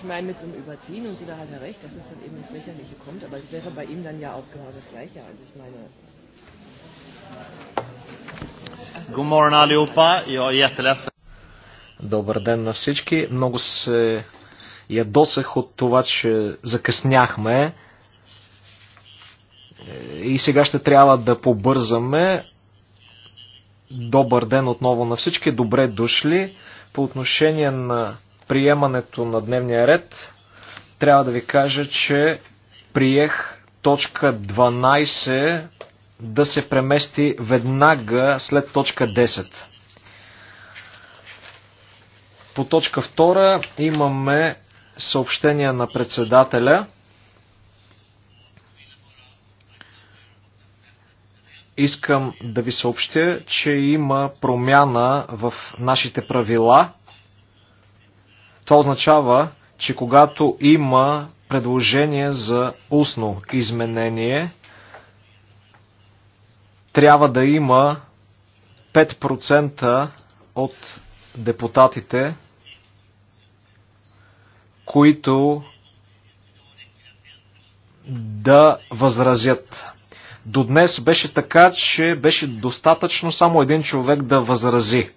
Ich meine, mit so einem Überziehen und so, da hat er recht, dass es dann eben ins Lächerliche kommt, aber es wäre bei ihm dann ja auch genau das Gleiche. Also ich meine. Добър ден на всички. Много се ядосах от това, че закъсняхме. И сега ще трябва да побързаме. Добър ден отново на всички. Добре дошли. По отношение на приемането на дневния ред, трябва да ви кажа, че приех точка 12 да се премести веднага след точка 10. По точка 2 имаме съобщение на председателя. Искам да ви съобщя, че има промяна в нашите правила това означава, че когато има предложение за устно изменение, трябва да има 5% от депутатите, които да възразят. До днес беше така, че беше достатъчно само един човек да възрази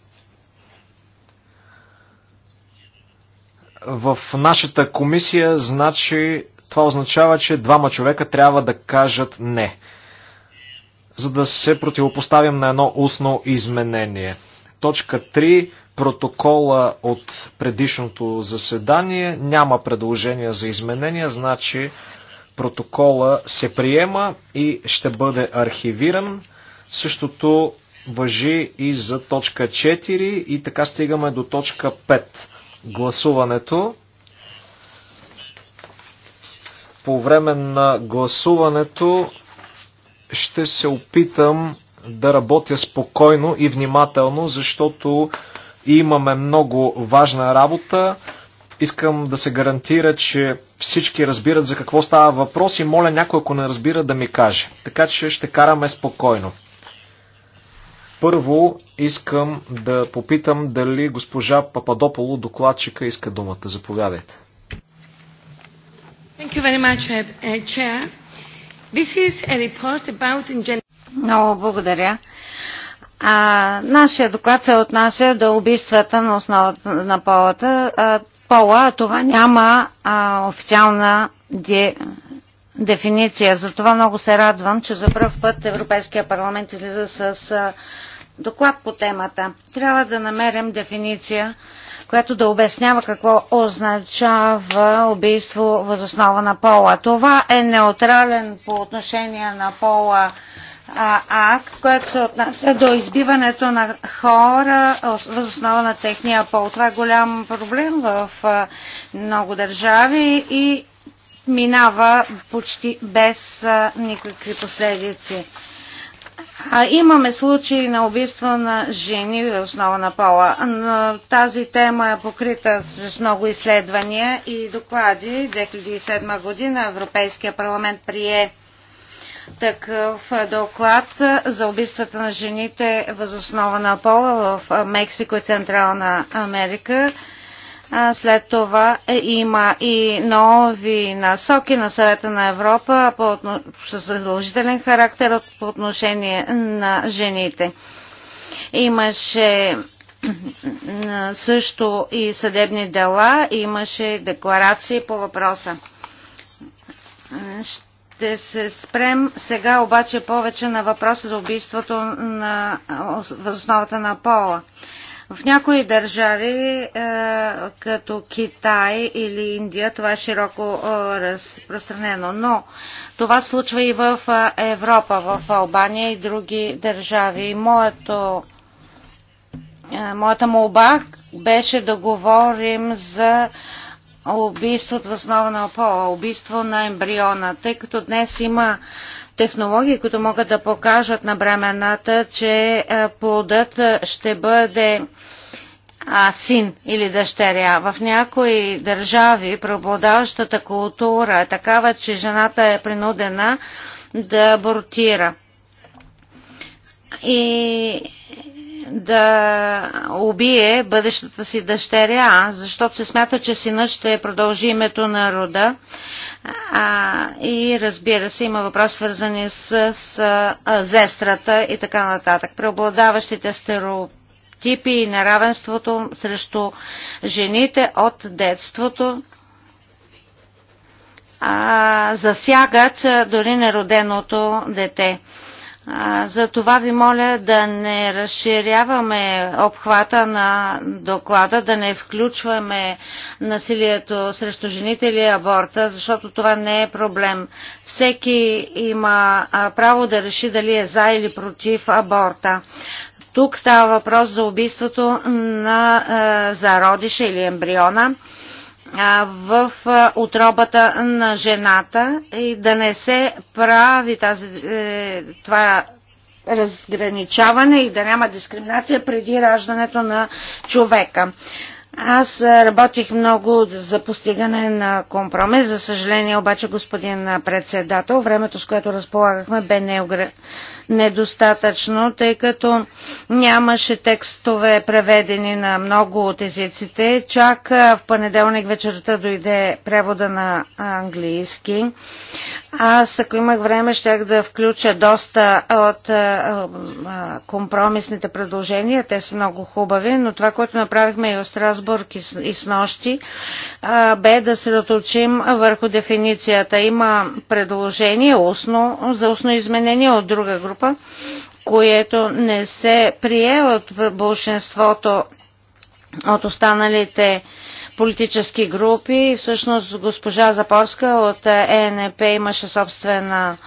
в нашата комисия, значи това означава, че двама човека трябва да кажат не, за да се противопоставим на едно устно изменение. Точка 3. Протокола от предишното заседание. Няма предложения за изменения, значи протокола се приема и ще бъде архивиран. Същото въжи и за точка 4 и така стигаме до точка 5 гласуването. По време на гласуването ще се опитам да работя спокойно и внимателно, защото имаме много важна работа. Искам да се гарантира, че всички разбират за какво става въпрос и моля някой, ако не разбира, да ми каже. Така че ще караме спокойно. Първо искам да попитам дали госпожа Пападополо, докладчика, иска думата. Заповядайте. Много благодаря. А, нашия доклад се отнася до убийствата на основата на полата. А, пола, това няма а, официална дефиниция. Затова много се радвам, че за първ път Европейския парламент излиза с доклад по темата. Трябва да намерим дефиниция, която да обяснява какво означава убийство възоснова на пола. Това е неутрален по отношение на пола акт, което се отнася до избиването на хора възоснова на техния пол. Това е голям проблем в много държави и минава почти без а, никакви последици. А, имаме случаи на убийства на жени в основа на пола. Но тази тема е покрита с много изследвания и доклади. 2007 година Европейския парламент прие такъв доклад за убийствата на жените възоснова на пола в Мексико и Централна Америка след това е, има и нови насоки на съвета на Европа по, с задължителен характер по отношение на жените. Имаше също и съдебни дела, имаше декларации по въпроса. Ще се спрем сега обаче повече на въпроса за убийството на възосновата на пола. В някои държави, е, като Китай или Индия, това е широко е, разпространено, но това случва и в е, Европа, в Албания и други държави. Моето, моята молба беше да говорим за убийство в основа на пола, убийство на ембриона, тъй като днес има технологии, които могат да покажат на бремената, че е, плодът е, ще бъде а, е, син или дъщеря. В някои държави преобладаващата култура е такава, че жената е принудена да абортира и да убие бъдещата си дъщеря, защото се смята, че синът ще продължи името на рода а, и разбира се, има въпроси свързани с, с а, зестрата и така нататък. Преобладаващите стереотипи и неравенството срещу жените от детството а, засягат дори нероденото дете. За това ви моля да не разширяваме обхвата на доклада, да не включваме насилието срещу жените или аборта, защото това не е проблем. Всеки има право да реши дали е за или против аборта. Тук става въпрос за убийството на зародиша или ембриона в отробата на жената и да не се прави тази, е, това разграничаване и да няма дискриминация преди раждането на човека. Аз работих много за постигане на компромис. За съжаление обаче, господин председател, времето с което разполагахме бе неограничено недостатъчно, тъй като нямаше текстове преведени на много от езиците. Чак в понеделник вечерта дойде превода на английски. Аз, ако имах време, щях да включа доста от а, а, компромисните предложения. Те са много хубави, но това, което направихме и в Страсбург и с, и с нощи, а, бе да се доточим върху дефиницията. Има предложение устно, за устно изменение от друга група Европа, което не се прие от большинството от останалите политически групи. Всъщност госпожа Запорска от ЕНП имаше собствена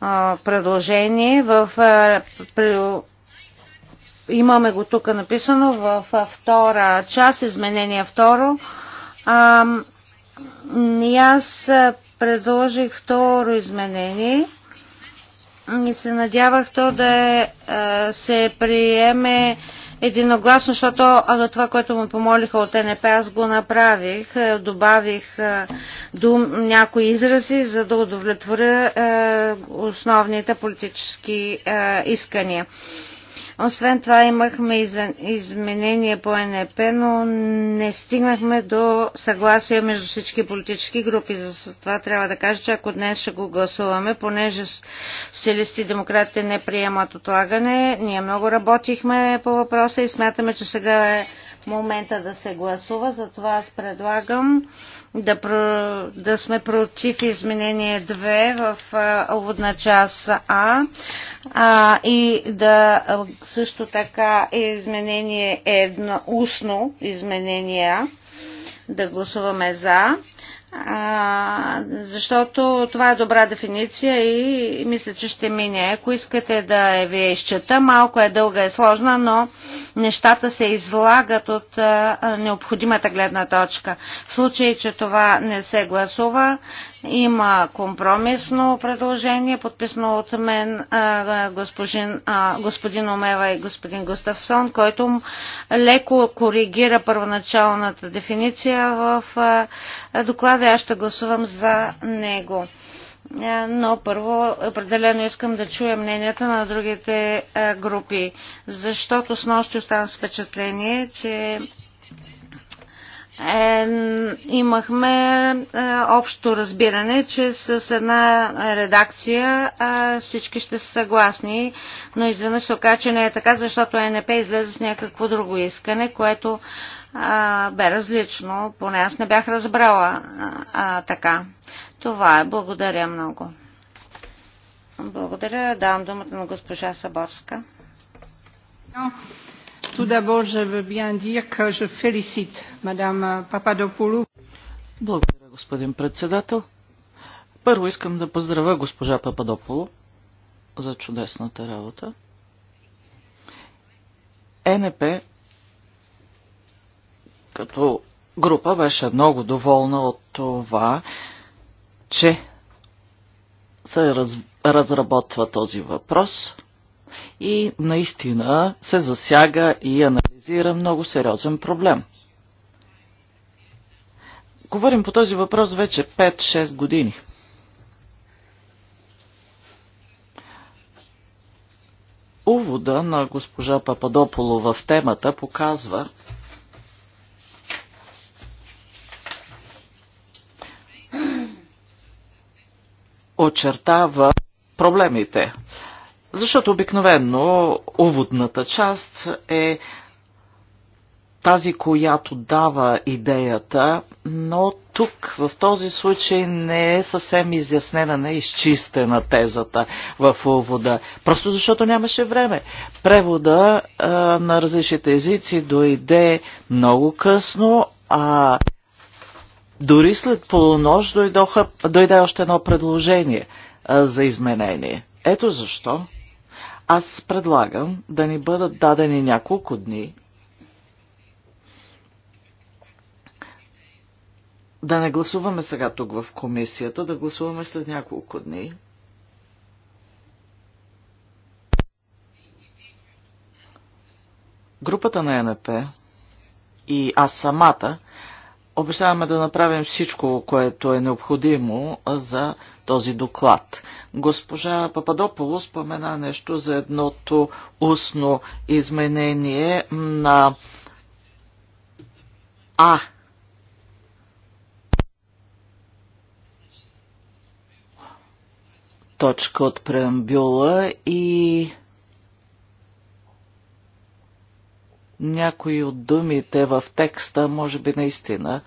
а, предложение. В, а, при, имаме го тук написано в а, втора част, изменение второ. А, и аз предложих второ изменение – и се надявах то да е, е, се приеме единогласно, защото а, това, което му помолиха от НП, аз го направих. Е, добавих дум, някои изрази, за да удовлетворя е, основните политически е, искания. Освен това имахме изменения по НЕП, но не стигнахме до съгласие между всички политически групи. За това трябва да кажа, че ако днес ще го гласуваме, понеже социалисти и демократите не приемат отлагане, ние много работихме по въпроса и смятаме, че сега е момента да се гласува. Затова аз предлагам да, про да сме против изменение 2 в уводна част А а, и да също така е изменение едно, устно изменение А, да гласуваме за а, защото това е добра дефиниция и мисля, че ще мине. Ако искате да я ви изчета, малко е дълга и е сложна, но нещата се излагат от а, необходимата гледна точка. В случай, че това не се гласува, има компромисно предложение, подписано от мен господин, господин Омева и господин Густавсон, който леко коригира първоначалната дефиниция в доклада. Аз ще гласувам за него но първо определено искам да чуя мненията на другите групи, защото с нощи оставам с впечатление, че е, имахме е, общо разбиране, че с една редакция е, всички ще са съгласни, но изведнъж се оказа, че не е така, защото НП излезе с някакво друго искане, което е, бе различно, поне аз не бях разбрала е, е, така. Това е. Благодаря много. Благодаря. Давам думата на госпожа Саборска. Tout d'abord, je veux bien dire que je félicite Madame Papadopoulou. Благодаря, господин председател. Първо искам да поздравя госпожа Пападополо за чудесната работа. ЕНП като група беше много доволна от това, че се раз, разработва този въпрос – и наистина се засяга и анализира много сериозен проблем. Говорим по този въпрос вече 5-6 години. Увода на госпожа Пападополо в темата показва, очертава проблемите. Защото обикновено уводната част е тази, която дава идеята, но тук в този случай не е съвсем изяснена, не е изчистена тезата в увода. Просто защото нямаше време. Превода а, на различните езици дойде много късно, а дори след полунощ дойдоха, дойде още едно предложение а, за изменение. Ето защо аз предлагам да ни бъдат дадени няколко дни, да не гласуваме сега тук в комисията, да гласуваме след няколко дни. Групата на НП и аз самата Обещаваме да направим всичко, което е необходимо за този доклад. Госпожа Пападополо спомена нещо за едното устно изменение на А. Точка от преамбюла и някои от думите в текста, може би наистина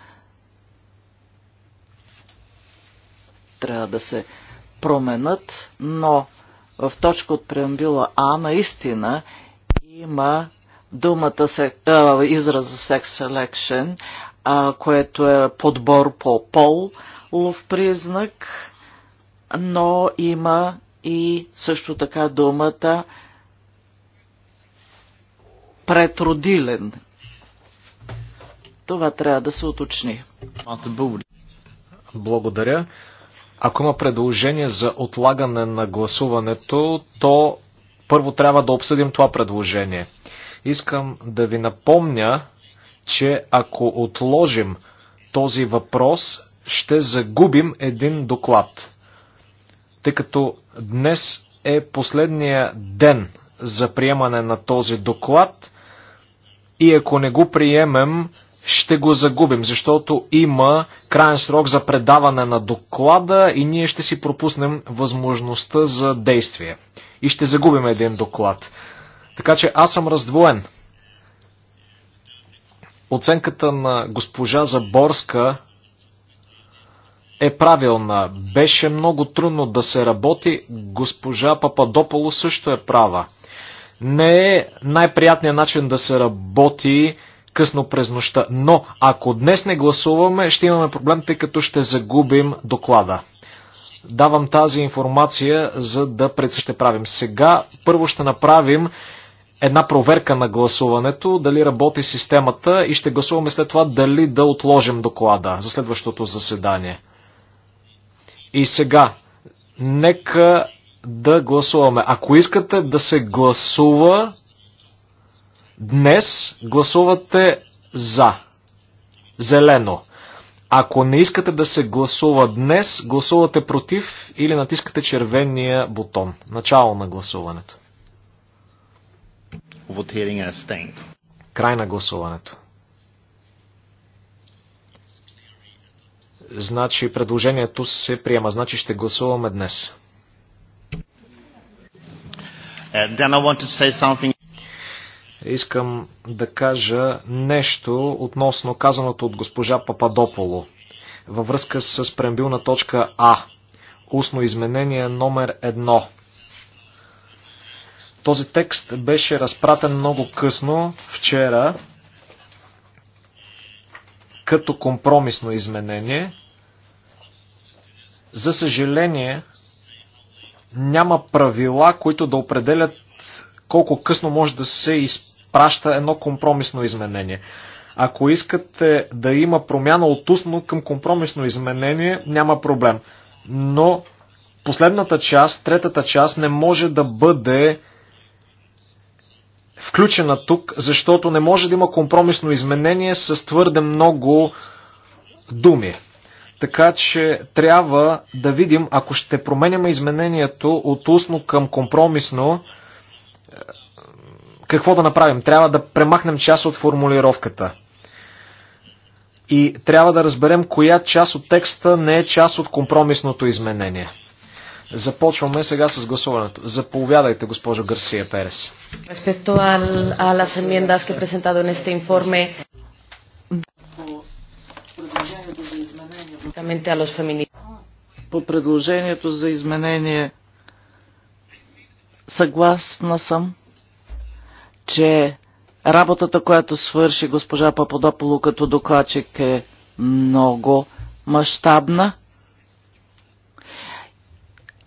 трябва да се променят, но в точка от преамбила А наистина има думата а, израза sex selection, което е подбор по пол лов признак, но има и също така думата претродилен. Това трябва да се уточни. Благодаря. Ако има предложение за отлагане на гласуването, то първо трябва да обсъдим това предложение. Искам да ви напомня, че ако отложим този въпрос, ще загубим един доклад. Тъй като днес е последния ден за приемане на този доклад, и ако не го приемем, ще го загубим, защото има крайен срок за предаване на доклада и ние ще си пропуснем възможността за действие. И ще загубим един доклад. Така че аз съм раздвоен. Оценката на госпожа Заборска е правилна. Беше много трудно да се работи. Госпожа Пападополо също е права не е най-приятният начин да се работи късно през нощта. Но ако днес не гласуваме, ще имаме проблем, тъй като ще загубим доклада. Давам тази информация, за да пред ще правим. Сега първо ще направим една проверка на гласуването, дали работи системата и ще гласуваме след това дали да отложим доклада за следващото заседание. И сега, нека да гласуваме. Ако искате да се гласува днес, гласувате за. Зелено. Ако не искате да се гласува днес, гласувате против или натискате червения бутон. Начало на гласуването. Край на гласуването. Значи предложението се приема. Значи ще гласуваме днес. Uh, искам да кажа нещо относно казаното от госпожа Пападополо във връзка с преамбилна точка А. Устно изменение номер едно. Този текст беше разпратен много късно, вчера, като компромисно изменение. За съжаление, няма правила, които да определят колко късно може да се изпраща едно компромисно изменение. Ако искате да има промяна от устно към компромисно изменение, няма проблем. Но последната част, третата част не може да бъде включена тук, защото не може да има компромисно изменение с твърде много думи. Така че трябва да видим, ако ще променяме изменението от устно към компромисно, е, какво да направим? Трябва да премахнем част от формулировката. И трябва да разберем коя част от текста не е част от компромисното изменение. Започваме сега с гласуването. Заповядайте, госпожо Гарсия Перес. Respecto a las enmiendas que he presentado en este informe. По предложението за изменение съгласна съм, че работата, която свърши госпожа Пападополу като докладчик е много мащабна.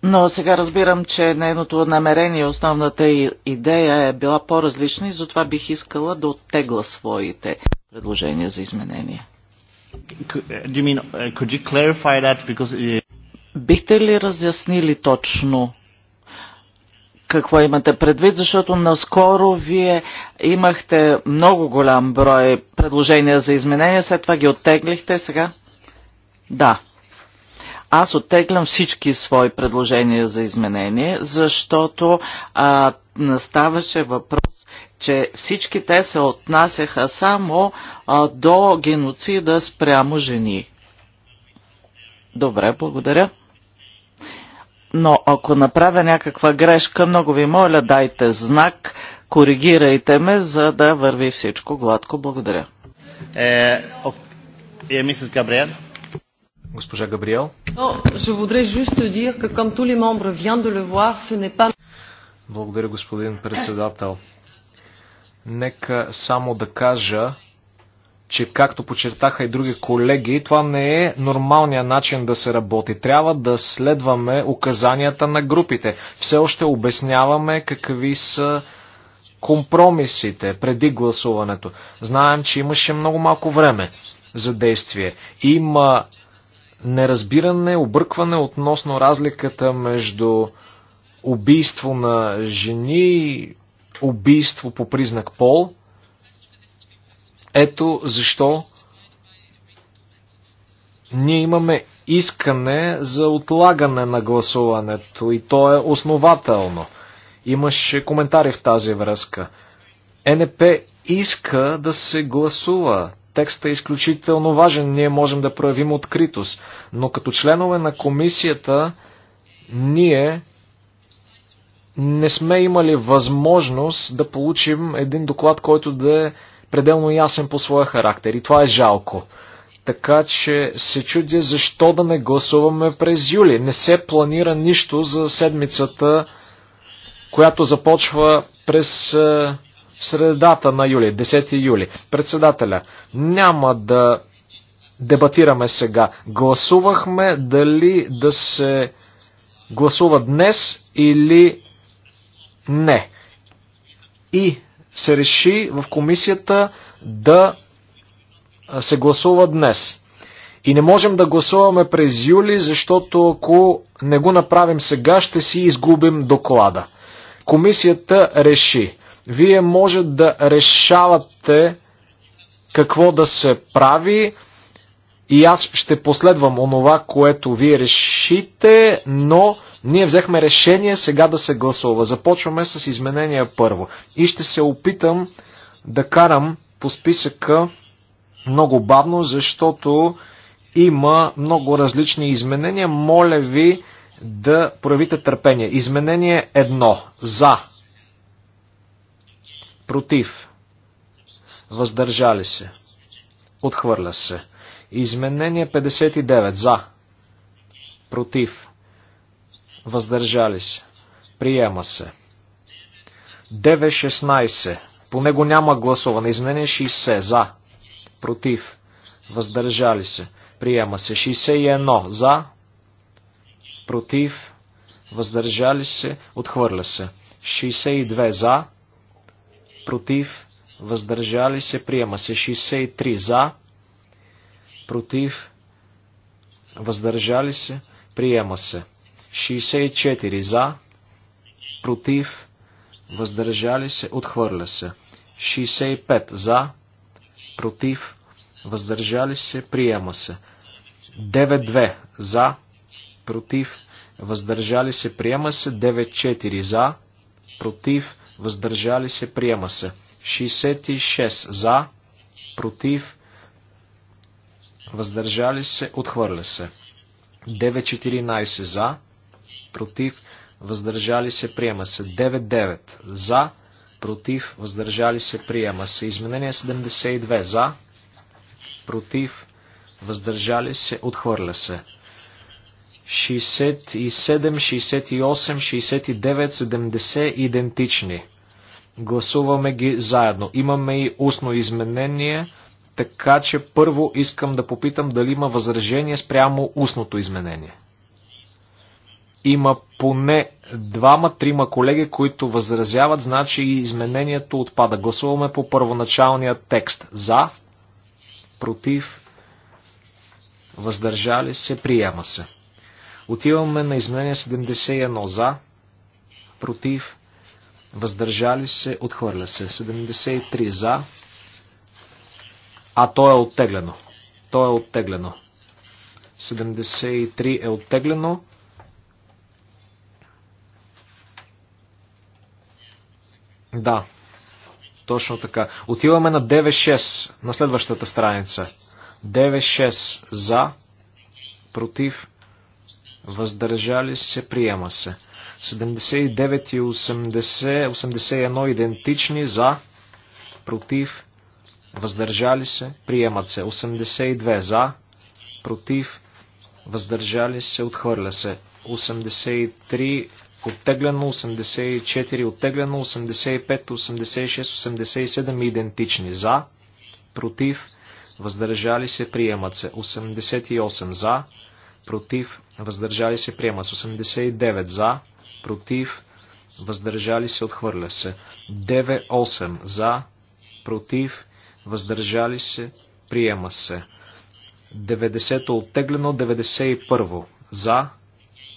Но сега разбирам, че нейното намерение, основната идея е била по-различна и затова бих искала да оттегла своите предложения за изменения. Бихте ли разяснили точно какво имате предвид, защото наскоро вие имахте много голям брой предложения за изменения, след това ги оттеглихте сега? Да. Аз оттеглям всички свои предложения за изменение, защото а, наставаше въпрос че всички те се отнасяха само а, до геноцида спрямо жени. Добре, благодаря. Но ако направя някаква грешка, много ви моля, дайте знак, коригирайте ме, за да върви всичко гладко. Благодаря. Е, е мисъс Габриел. Госпожа Габриел. Благодаря, господин председател. Нека само да кажа, че както почертаха и други колеги, това не е нормалният начин да се работи. Трябва да следваме указанията на групите. Все още обясняваме какви са компромисите преди гласуването. Знаем, че имаше много малко време за действие. Има неразбиране, объркване относно разликата между убийство на жени, убийство по признак пол. Ето защо ние имаме искане за отлагане на гласуването и то е основателно. Имаше коментари в тази връзка. НП иска да се гласува. Текстът е изключително важен, ние можем да проявим откритост, но като членове на комисията ние не сме имали възможност да получим един доклад, който да е пределно ясен по своя характер. И това е жалко. Така че се чудя защо да не гласуваме през юли. Не се планира нищо за седмицата, която започва през е, средата на юли, 10 юли. Председателя, няма да дебатираме сега. Гласувахме дали да се гласува днес или не. И се реши в комисията да се гласува днес. И не можем да гласуваме през юли, защото ако не го направим сега, ще си изгубим доклада. Комисията реши. Вие може да решавате какво да се прави и аз ще последвам онова, което вие решите, но ние взехме решение сега да се гласува. Започваме с изменения първо. И ще се опитам да карам по списъка много бавно, защото има много различни изменения. Моля ви да проявите търпение. Изменение едно. За. Против. Въздържали се. Отхвърля се. Изменение 59. За. Против въздържали се, приема се. 9.16. По него няма гласуване. Измене 60. За. Против. Въздържали се. Приема се. 61. За. Против. Въздържали се. Отхвърля се. 62. За. Против. Въздържали се. Приема се. 63. За. Против. Въздържали се. Приема се. 64 за, против, въздържали се, отхвърля се. 65 за, против, въздържали се, приема се. 92 за, против, въздържали се, приема се. 9-4 за, против, въздържали се, приема се. 66 за, против, въздържали се, отхвърля се. 9.14 за, против, въздържали се, приема се. 9-9 за, против, въздържали се, приема се. Изменение 72 за, против, въздържали се, отхвърля се. 67, 68, 69, 70 идентични. Гласуваме ги заедно. Имаме и устно изменение, така че първо искам да попитам дали има възражение спрямо устното изменение. Има поне двама-трима колеги, които възразяват, значи изменението отпада. Гласуваме по първоначалния текст. За, против, въздържали се, приема се. Отиваме на изменение 71 за, против, въздържали се, отхвърля се. 73 за, а то е оттеглено. То е оттеглено. 73 е оттеглено. Да, точно така. Отиваме на 9-6, на следващата страница. 9-6 за, против, въздържали се, приема се. 79 и 80, 81 идентични за, против, въздържали се, приемат се. 82 за, против, въздържали се, отхвърля се. 83 оттеглено 84, оттеглено 85, 86, 87 идентични за, против, въздържали се, приемат се 88 за, против, въздържали се, приемат се 89 за, против, въздържали се, отхвърля се 98 за, против, въздържали се, приема се 90 оттеглено, 91 за,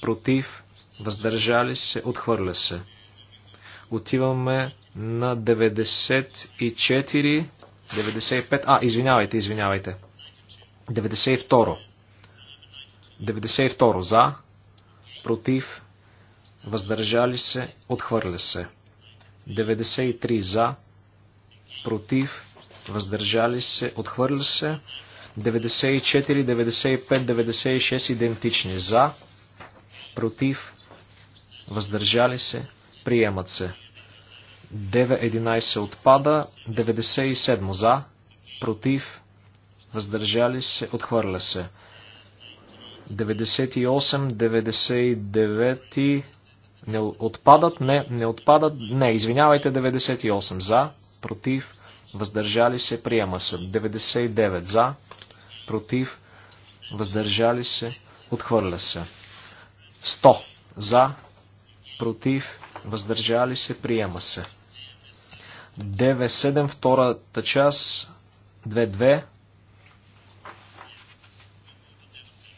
против, въздържали се, отхвърля се. Отиваме на 94, 95, а, извинявайте, извинявайте. 92. 92 за, против, въздържали се, отхвърля се. 93 за, против, въздържали се, отхвърля се. 94, 95, 96 идентични за, против, въздържали се, приемат се. 9.11 отпада, 97 за, против, въздържали се, отхвърля се. 98, 99 не отпадат, не, не отпадат, не, извинявайте, 98 за, против, въздържали се, приема се. 99 за, против, въздържали се, отхвърля се. 100 за, против, въздържали се, приема се. 9.7, втората част, 2.2.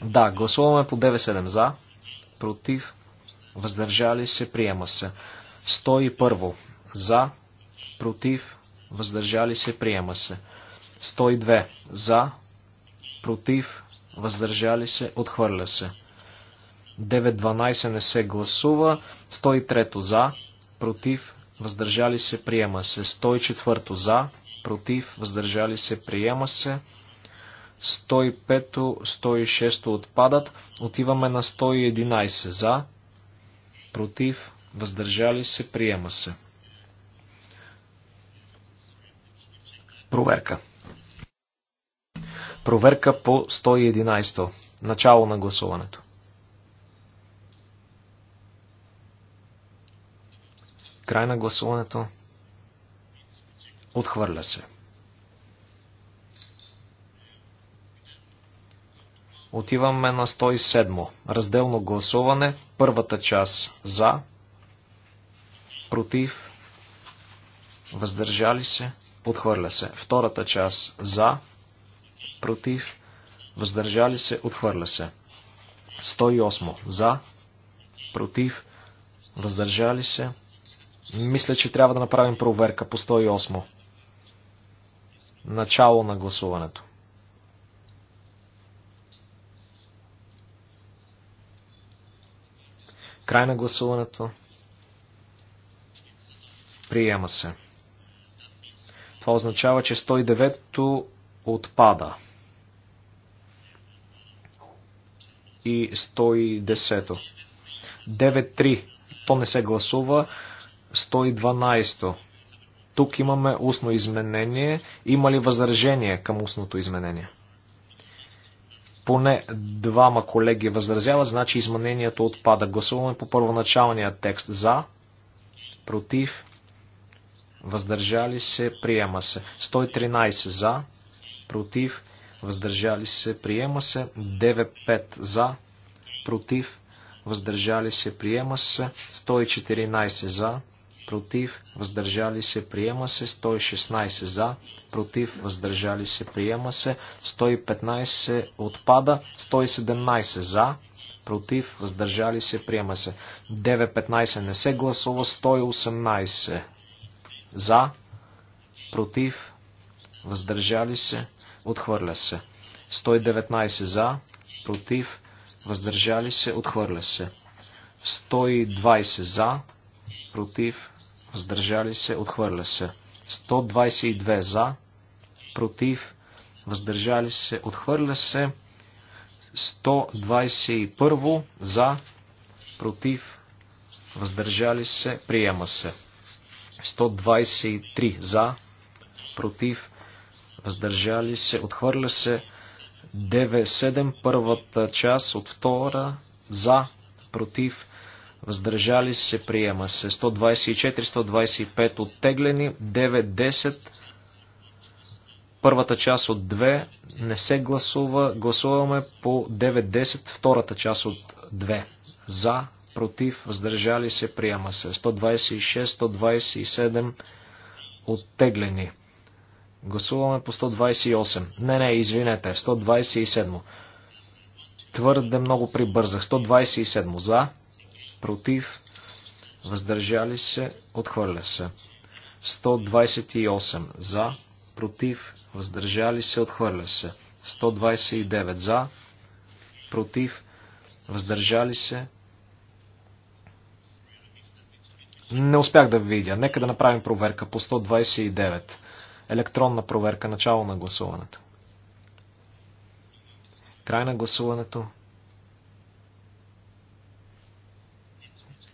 Да, гласуваме по 9.7 за, против, въздържали се, приема се. 101. За, против, въздържали се, приема се. 102. За, против, въздържали се, отхвърля се. 9.12 не се гласува. 103 за, против, въздържали се, приема се. 104 за, против, въздържали се, приема се. 105, 106 отпадат. Отиваме на 111 за, против, въздържали се, приема се. Проверка. Проверка по 111. Начало на гласуването. Край на гласуването. Отхвърля се. Отиваме на 107. Разделно гласуване. Първата част за, против, въздържали се, отхвърля се. Втората част за, против, въздържали се, отхвърля се. 108. За, против, въздържали се, мисля, че трябва да направим проверка по 108. Начало на гласуването. Край на гласуването. Приема се. Това означава, че 109-то отпада. И 110-то. 9-3. То не се гласува. 112. Тук имаме устно изменение. Има ли възражение към устното изменение? Поне двама колеги възразяват, значи изменението отпада. Гласуваме по първоначалния текст за, против, въздържали се, приема се. 113 за, против, въздържали се, приема се. 95 за, против, въздържали се, приема се. 114 за, против, въздържали се, приема се, 116 за, против, въздържали се, приема се, 115 отпада, 117 за, против, въздържали се, приема се, 915 не се гласува, 118 за, против, въздържали се, отхвърля се, 119 за, против, въздържали се, отхвърля се, 120 за, против, въздържали се, отхвърля се. 122 за, против, въздържали се, отхвърля се. 121 за, против, въздържали се, приема се. 123 за, против, въздържали се, отхвърля се. 97 първата част от втора за, против, въздържали се, приема се. 124, 125 оттеглени, 9, 10. Първата част от 2 не се гласува. Гласуваме по 9, 10, втората част от 2. За, против, въздържали се, приема се. 126, 127 оттеглени. Гласуваме по 128. Не, не, извинете, 127. Твърде много прибързах. 127 за, против, въздържали се, отхвърля се. 128 за, против, въздържали се, отхвърля се. 129 за, против, въздържали се. Не успях да видя. Нека да направим проверка по 129. Електронна проверка, начало на гласуването. Край на гласуването.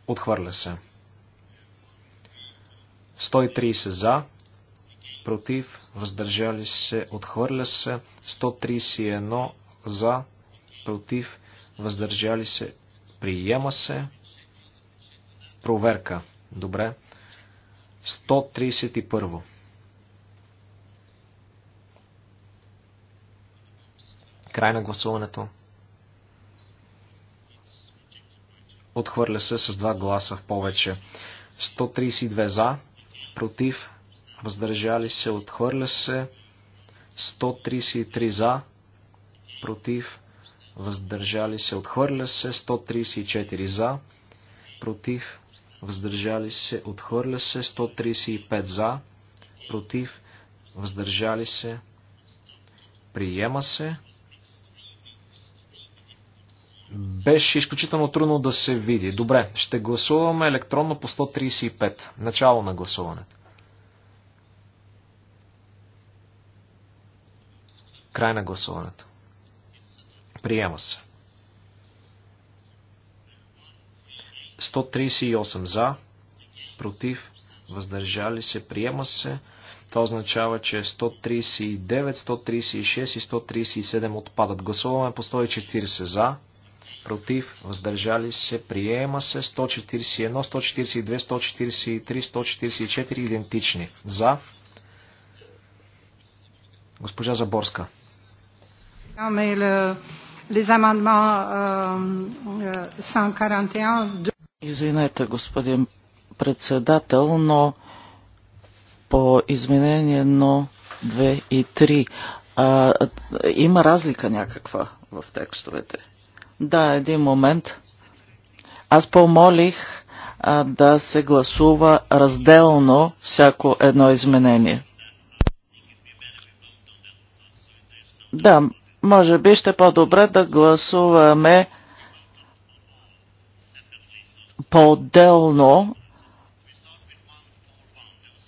Отхвърля се. 130 за, против, въздържали се, отхвърля се. 131 за, против, въздържали се, приема се. Проверка. Добре. 131. Край на гласуването. Отхвърля се с два гласа в повече. 132 за, против, въздържали се, отхвърля се. 133 за, против, въздържали се, отхвърля се. 134 за, против, въздържали се, отхвърля се. 135 за, против, въздържали се, приема се беше изключително трудно да се види. Добре, ще гласуваме електронно по 135. Начало на гласуване. Край на гласуването. Приема се. 138 за, против, въздържали се, приема се. Това означава, че 139, 136 и 137 отпадат. Гласуваме по 140 за, против, въздържали се, приема се 141, 142, 143, 144 идентични. За. Госпожа Заборска. Ами, э, Извинете, господин председател, но по изменение 1, 2 и 3 а, има разлика някаква в текстовете. Да, един момент. Аз помолих а, да се гласува разделно всяко едно изменение. Да, може би ще е по-добре да гласуваме по-отделно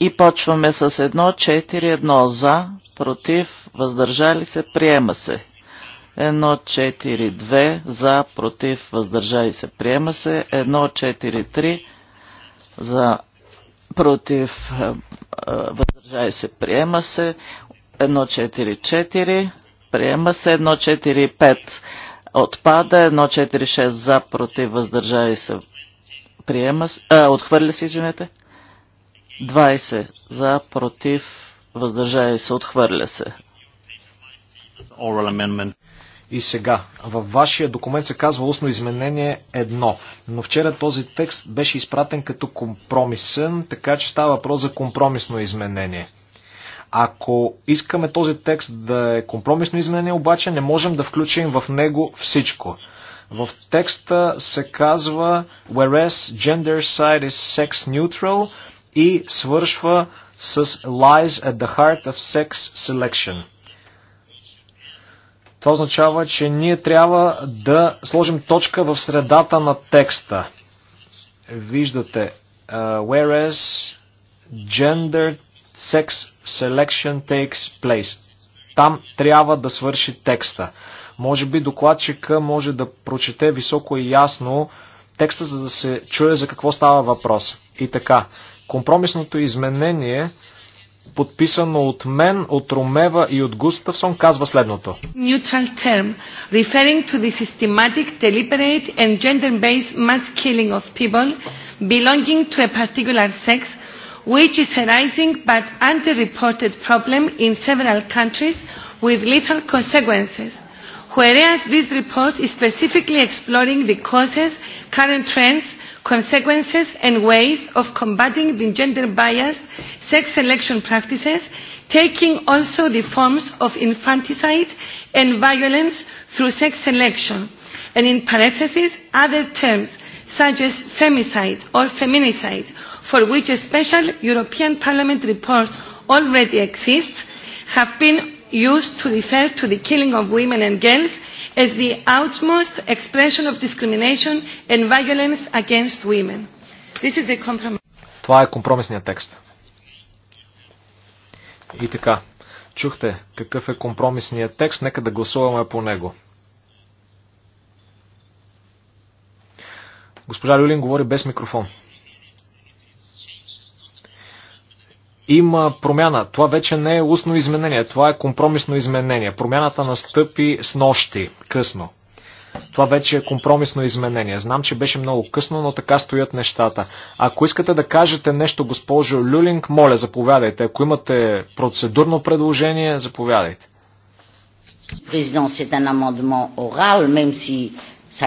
и почваме с едно, четири, едно за, против, въздържали се, приема се. 1-4-2 за, против, въздържали се, приема се. 1-4-3 е, е, за, против, въздържали се, приема се. 1-4-4 приема се. 1-4-5 отпада. 1-4-6 за, против, въздържали се, приема се. А, отхвърля се, извинете. 20 за, против, въздържали се, отхвърля се и сега. Във вашия документ се казва устно изменение едно, но вчера този текст беше изпратен като компромисен, така че става въпрос за компромисно изменение. Ако искаме този текст да е компромисно изменение, обаче не можем да включим в него всичко. В текста се казва whereas gender side is sex neutral и свършва с lies at the heart of sex selection. Това означава, че ние трябва да сложим точка в средата на текста. Виждате, uh, whereas gender sex selection takes place. Там трябва да свърши текста. Може би докладчика може да прочете високо и ясно текста, за да се чуе за какво става въпрос. И така, компромисното изменение подписано от мен, от Ромева и от Густавсон, казва следното. Neutral term, referring to the systematic, deliberate and gender-based mass killing of people belonging to a particular sex, which is a rising but underreported problem in several countries with lethal consequences. Whereas this report is specifically exploring the causes, current trends, consequences and ways of combating the gender biased sex selection practices, taking also the forms of infanticide and violence through sex selection, and in parentheses, other terms such as femicide or feminicide, for which a special European Parliament report already exists, have been used to refer to the killing of women and girls as the outmost expression of discrimination and violence against women. This is the compromise. Това е компромисният текст. И така, чухте какъв е компромисният текст, нека да гласуваме по него. Госпожа Люлин говори без микрофон. има промяна. Това вече не е устно изменение, това е компромисно изменение. Промяната настъпи с нощи, късно. Това вече е компромисно изменение. Знам, че беше много късно, но така стоят нещата. Ако искате да кажете нещо, госпожо Люлинг, моля, заповядайте. Ако имате процедурно предложение, заповядайте.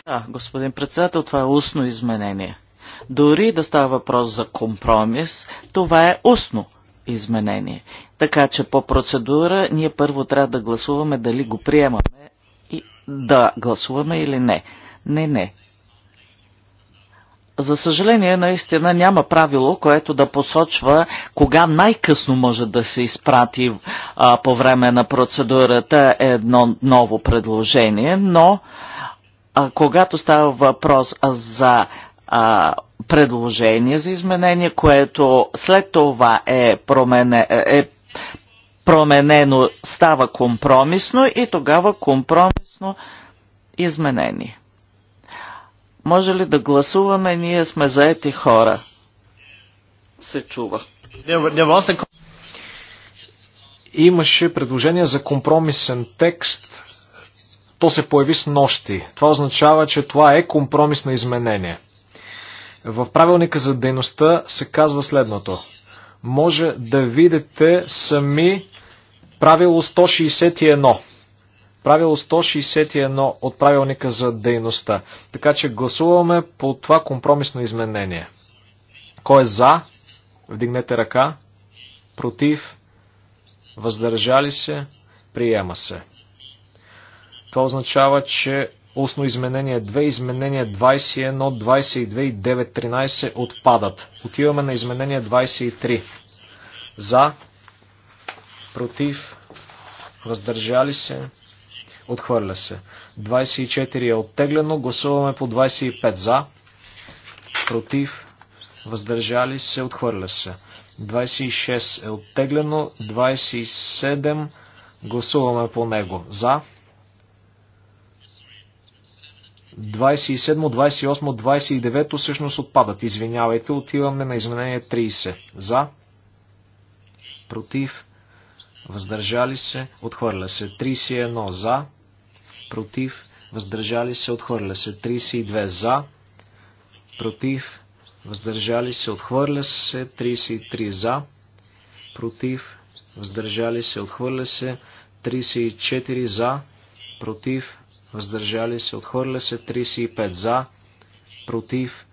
Да, господин председател, това е устно изменение. Дори да става въпрос за компромис, това е устно изменение. Така че по процедура ние първо трябва да гласуваме дали го приемаме и да гласуваме или не. Не, не. За съжаление, наистина няма правило, което да посочва кога най-късно може да се изпрати а, по време на процедурата едно ново предложение, но а, когато става въпрос за а, предложение за изменение, което след това е, промене, е, е променено, става компромисно и тогава компромисно изменение. Може ли да гласуваме? Ние сме заети хора. Се чува. Имаше предложение за компромисен текст. То се появи с нощи. Това означава, че това е компромисно изменение. В правилника за дейността се казва следното. Може да видите сами правило 161. Правило 161 от правилника за дейността. Така че гласуваме по това компромисно изменение. Кой е за? Вдигнете ръка. Против? Въздържали се? Приема се. Това означава, че Устно изменение 2, изменение 21, 22 и 9, 13 отпадат. Отиваме на изменение 23. За, против, въздържали се, отхвърля се. 24 е оттеглено, гласуваме по 25 за, против, въздържали се, отхвърля се. 26 е оттеглено, 27 гласуваме по него за, 27, 28, 29 всъщност отпадат. Извинявайте, отиваме на изменение 30. За, против, въздържали се, отхвърля се. 31 за, против, въздържали се, отхвърля се. 32 за, против, въздържали се, отхвърля се. 33 за, против, въздържали се, отхвърля се. 34 за, против, въздържали се, отхвърля се, 35 за, против,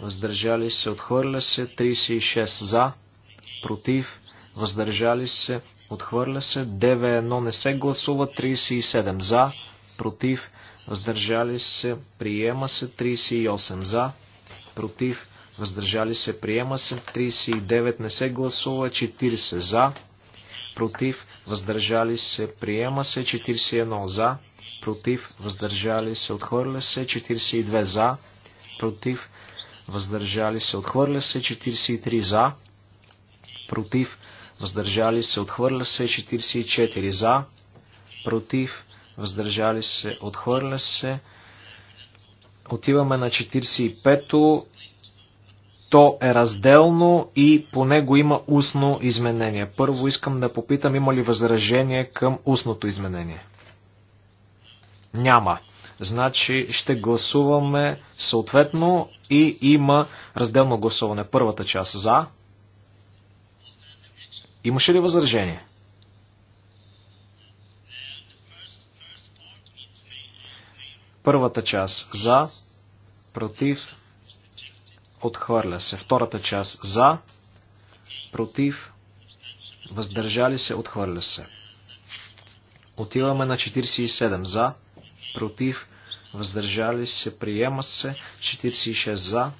въздържали се, отхвърля се, 36 за, против, въздържали се, отхвърля се, 9-1 не се гласува, 37 за, против, въздържали се, приема се, 38 за, против, въздържали се, приема се, 39 не се гласува, 40 за, против, въздържали се, приема се, 41 за, против, въздържали се, отхвърля се, 42 за, против, въздържали се, отхвърля се, 43 за, против, въздържали се, отхвърля се, 44 за, против, въздържали се, отхвърля се. Отиваме на 45-то. То е разделно и по него има устно изменение. Първо искам да попитам има ли възражение към устното изменение. Няма. Значи ще гласуваме съответно и има разделно гласуване. Първата част за. Имаше ли възражение? Първата част за, против, отхвърля се. Втората част за, против, въздържали се, отхвърля се. Отиваме на 47 за, против, въздържали се, приема се, 46 за,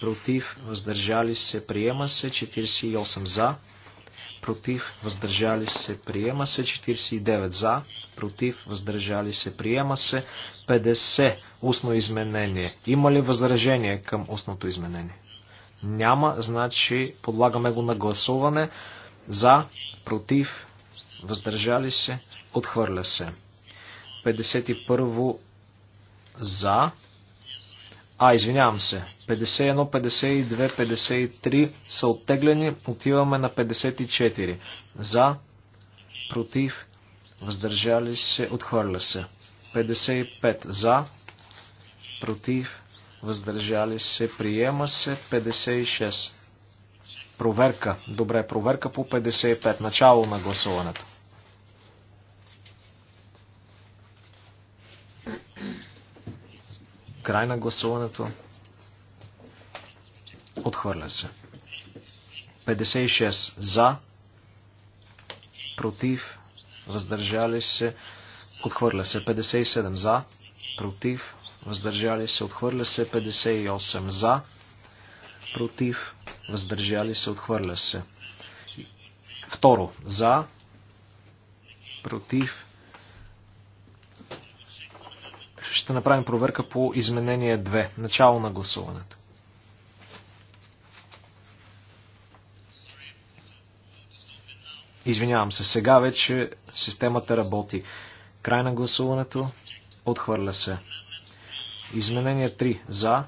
против, въздържали се, приема се, 48 за, против, въздържали се, приема се, 49 за, против, въздържали се, приема се, 50 устно изменение. Има ли възражение към устното изменение? Няма, значи подлагаме го на гласуване за, против, въздържали се, отхвърля се. 51 за. А, извинявам се. 51, 52, 53 са оттеглени. Отиваме на 54. За, против, въздържали се, отхвърля се. 55 за, против, въздържали се, приема се. 56. Проверка. Добре, проверка по 55. Начало на гласуването. Край на гласуването. Отхвърля се. 56 за, против, въздържали се, отхвърля се. 57 за, против, въздържали се, отхвърля се. 58 за, против, въздържали се, отхвърля се. Второ, за, против, Ще направим проверка по изменение 2. Начало на гласуването. Извинявам се, сега вече системата работи. Край на гласуването. Отхвърля се. Изменение 3. За,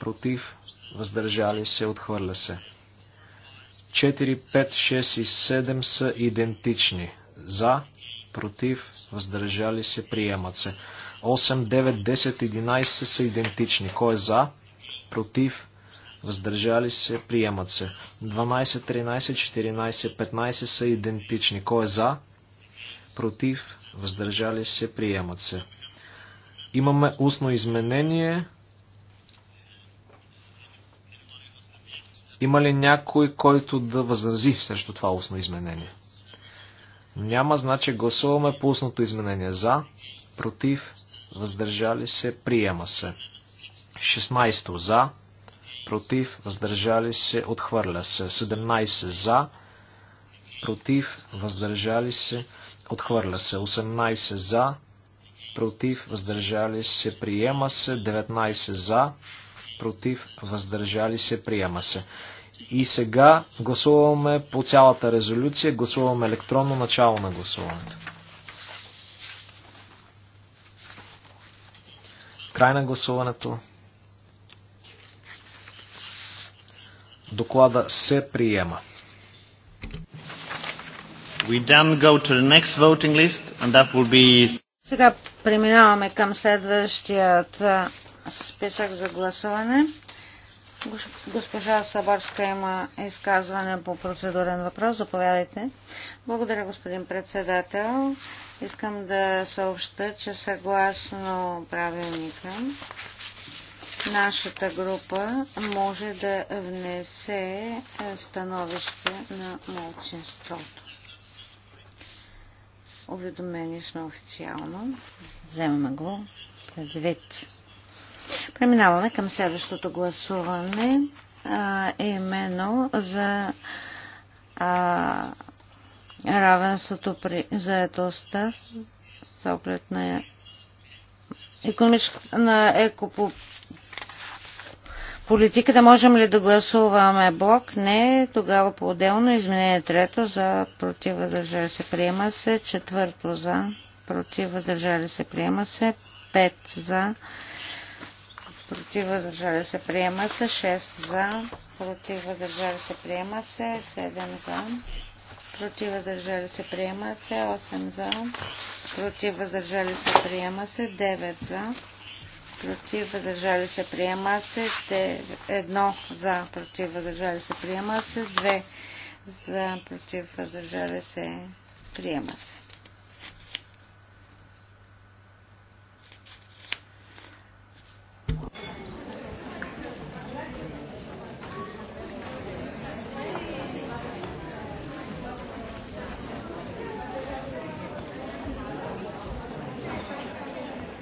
против, въздържали се, отхвърля се. 4, 5, 6 и 7 са идентични. За, против, въздържали се, приемат се. 8, 9, 10, 11 са идентични. Кой е за? Против? Въздържали се? Приемат се. 12, 13, 14, 15 са идентични. Кой е за? Против? Въздържали се? Приемат се. Имаме устно изменение. Има ли някой, който да възрази срещу това устно изменение? Няма, значи гласуваме по устното изменение. За, против, въздържали се, приема се. 16 за, против, въздържали се, отхвърля се. 17 за, против, въздържали се, отхвърля се. 18 за, против, въздържали се, приема се. 19 за, против, въздържали се, приема се. И сега гласуваме по цялата резолюция, гласуваме електронно начало на гласуването. Край на гласуването. Доклада се приема. We then go to the next voting list and that will be... Сега преминаваме към следващият списък за гласуване. Госпожа Сабарска има изказване по процедурен въпрос. Заповядайте. Благодаря, господин председател. Искам да съобща, че съгласно правилника нашата група може да внесе е, становище на младшинството. Уведомени сме официално. Вземаме го предвид. Преминаваме към следващото гласуване, а, именно за а, равенството при заедостта с оглед на, на екопо политиката. Можем ли да гласуваме блок? Не. Тогава по-отделно изменение трето за против въздържали се приема се. Четвърто за против въздържали се приема се. Пет за против въздържали се приема се 6 за, против въздържали се приема се 7 за, против въздържали се приема се 8 за, против въздържали се приема се 9 за, против въздържали се приема се 1 за, против въздържали се приема се 2 за, против въздържали се приема се.